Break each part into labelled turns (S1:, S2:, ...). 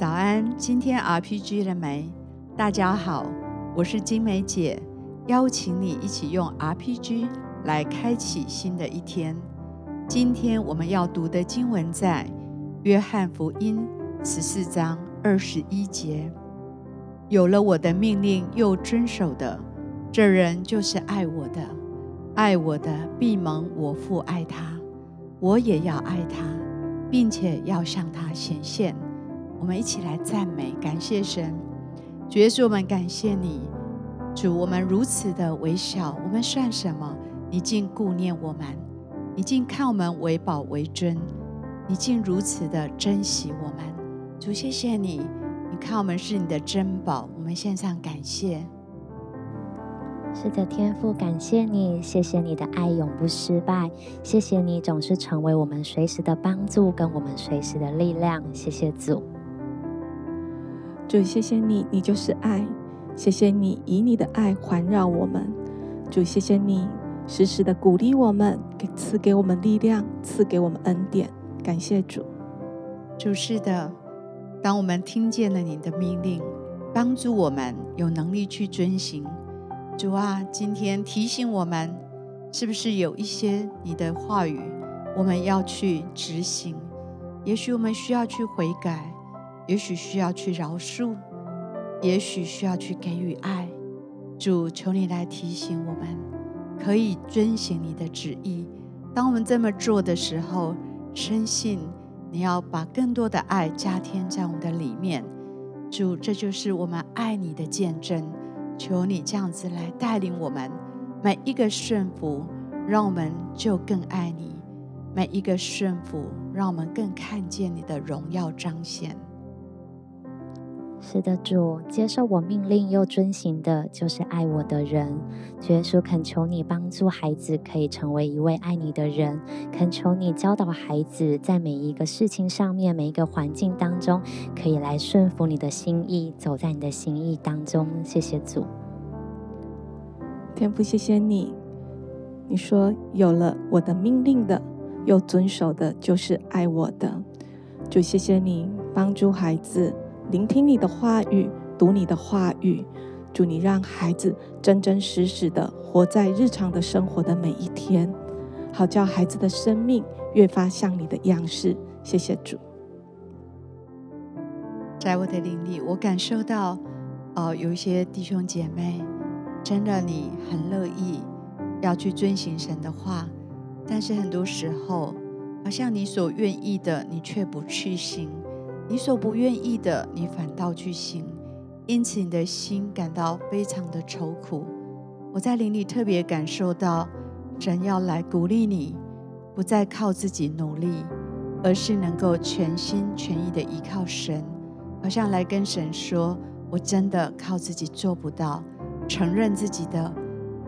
S1: 早安，今天 RPG 了沒？大家好，我是晶玫姊，邀請你一起用 RPG 來開啟新的一天。今天我們要讀的經文在《約翰福音》十四章二十一節：“有了我的命令又遵守的，這人就是愛我的；愛我的，必蒙我父愛他，我也要愛他，並且要向他顯現。”我們一起來讚美，感謝神，主耶穌，我們感謝你，主，我們如此的微小，我們算什麼？你竟顧念我們，你竟看我們為寶為珍，你竟如此的珍惜我們。主，謝謝你，你看我們是你的珍寶，我們獻上感謝。
S2: 是的，天父，感謝你，謝謝你的愛永不失敗，謝謝你總是成為我們隨時的幫助，跟我們隨時的力量。謝謝主。主，謝謝你，你
S3: 就是愛，謝謝你以你的愛環繞我們。主，謝謝你時時的鼓勵我們，給賜給我們力量，賜給我們恩典。感謝主，主，是的，當我們聽見了你的命令，
S1: 幫助我們有能力去遵行。主啊，今天提醒我們，是不是有一些你的話語我們要去執行？也許我們需要去悔改。也許需要去饒恕，也許需要去給予愛。主，求你來提醒我們，可以遵循你的旨意。當我們這麼做的時候，深信你要把更多的愛加添在我們的裡面。主，這就是我們愛你的見證。求你這樣子來帶領我們，每一個順服，讓我們就更愛你；每一個順服，讓我們更看見你的榮耀彰顯。
S2: 是的，主，接受我命令又遵行的，就是愛我的人。主耶穌，懇求你幫助孩子可以成為一位愛你的人，懇求你教導孩子在每一個事情上面、每一個環境當中，可以來順服你的心意，走在你的心意當中。謝謝主。天父，謝謝你。
S3: 你說有了我的命令的，又遵守的，就是愛我的。主，謝謝你幫助孩子，聆聽你的話語，讀你的話語，主，你讓孩子真真實實的活在日常的生活的每一天，好叫孩子的生命越發像你的樣式。謝謝主。在我的靈裡，我感受到，
S1: 哦，有一些弟兄姐妹，真的你很樂意要去遵行神的話，但是很多時候，好像你所願意的，你卻不去行。你所不願意的，你反倒去行，因此你的心感到非常的愁苦。我在靈裡特別感受到，神要來鼓勵你，不再靠自己努力，而是能夠全心全意的依靠神，好像來跟神說：“我真的靠自己做不到，承認自己的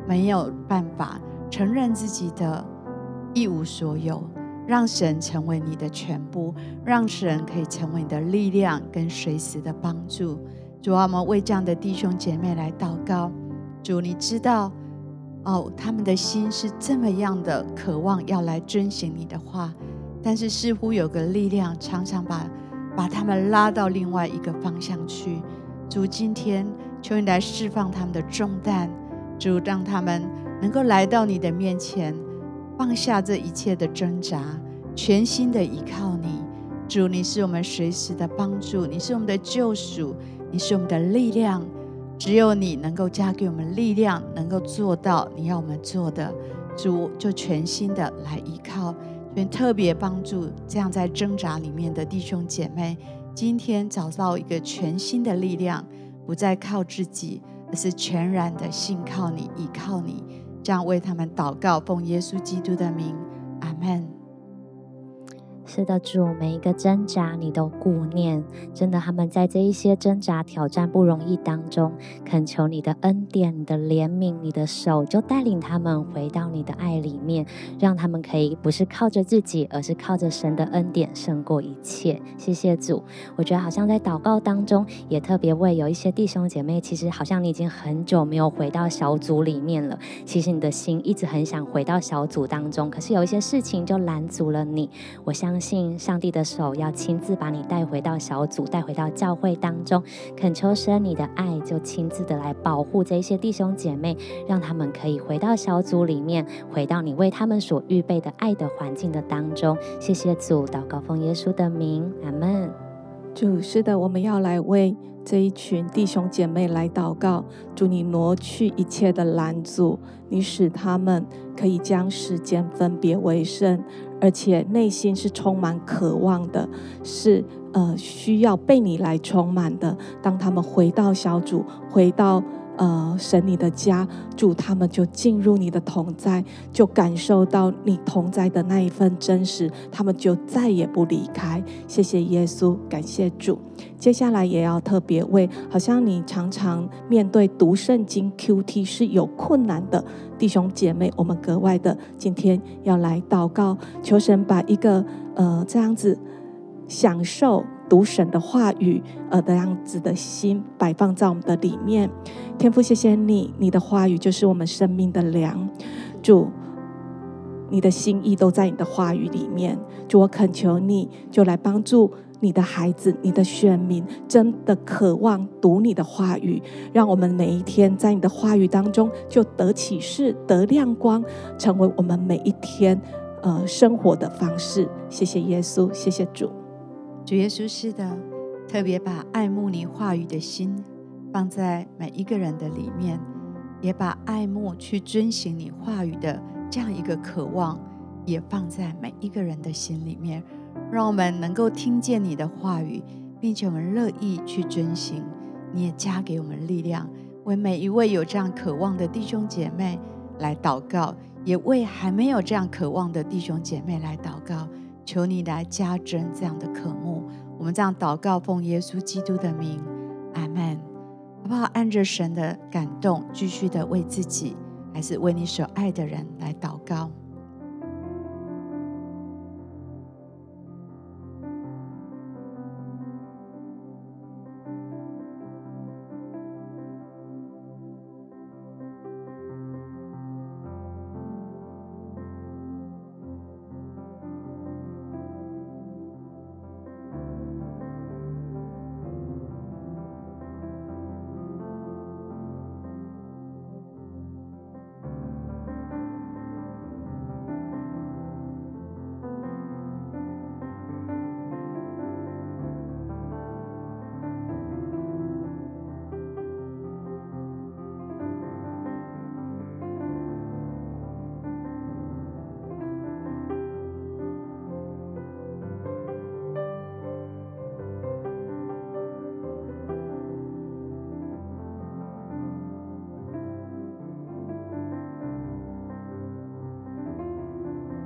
S1: 沒有辦法，承認自己的一無所有。”讓神成為你的全部，讓神可以成為你的力量跟隨時的幫助。主啊，我們為這樣的弟兄姐妹來禱告。主，你知道哦，他們的心是這麼樣的渴望要來遵行你的話，但是似乎有個力量常常把把他們拉到另外一個方向去。主，今天求你來釋放他們的重擔，主讓他們能夠來到你的面前。放下這一切的掙扎，全心的依靠你，主，你是我們隨時的幫助，你是我們的救贖，你是我們的力量，只有你能夠加給我們力量，能夠做到你要我們做的。主，就全心的來依靠，願特別幫助這樣在掙扎裡面的弟兄姐妹，今天找到一個全新的力量，不再靠自己，而是全然的信靠你，依靠你。這樣為他們
S2: 禱告，奉耶穌基督的名，阿門。是的，主，每一個掙扎你都顧念，真的，他們在這一些掙扎、挑戰不容易當中，懇求你的恩典、你的憐憫，你的手就帶領他們回到你的愛裡面，讓他們可以不是靠着自己，而是靠着神的恩典勝過一切。謝謝主。我覺得好像在禱告當中也特別為有一些弟兄姐妹，其實好像你已經很久沒有回到小組裡面了，其實你的心一直很想回到小組當中，可是有一些事情就攔阻了你。我相信。信上帝的手，要親自把你帶回到小組，帶回到教會當中，懇求神你的愛，就親自的來保護這些弟兄姐妹，讓他們可以回到小組裡面，回到你為他們所預備的愛的環境的當中。謝謝主，禱告奉耶穌的名，阿門。主，是的，我們要來為這一群弟兄
S3: 姐妹來禱告，祝你挪去一切的攔阻，你使他們可以將時間分別為聖。而且內心是充滿渴望的，是呃需要被你來充滿的。當他們回到小組，回到呃神你的家，主，他們就進入你的同在，就感受到你同在的那一份真實，他們就再也不離開。謝謝耶穌，感謝主。接下來也要特別為好像你常常面對讀聖經 QT 是有困難的。弟兄姐妹，我們格外的今天要來禱告，求神把一個呃這樣子享受讀神的話語呃的樣子的心擺放在我們的裡面。天父，謝謝你，你的話語就是我們生命的糧。主，你的心意都在你的話語裡面。主，我懇求你，就來幫助。你的孩子，你的選民，真的渴望讀你的話語。讓我們每一天在你的話語當中，就得啟示，得亮光，成為我們每一天呃生活的方式。謝謝耶穌，謝謝主，主耶穌是的。特別把愛慕你話語的心
S1: 放在每一個人的裡面，也把愛慕去遵行你話語的這樣一個渴望，也放在每一個人的心裡面。讓我們能夠聽見你的話語，並且我們樂意去遵行。你也加給我們力量，為每一位有這樣渴望的弟兄姐妹來禱告，也為還沒有這樣渴望的弟兄姐妹來禱告。求你來加增這樣的渴慕。我們這樣禱告，奉耶穌基督的名，阿門。好不好？按着神的感動，繼續的為自己，還是為你所愛的人來禱告？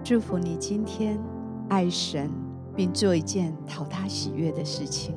S1: 祝福你今天愛神，並做一件討他喜悅的事情。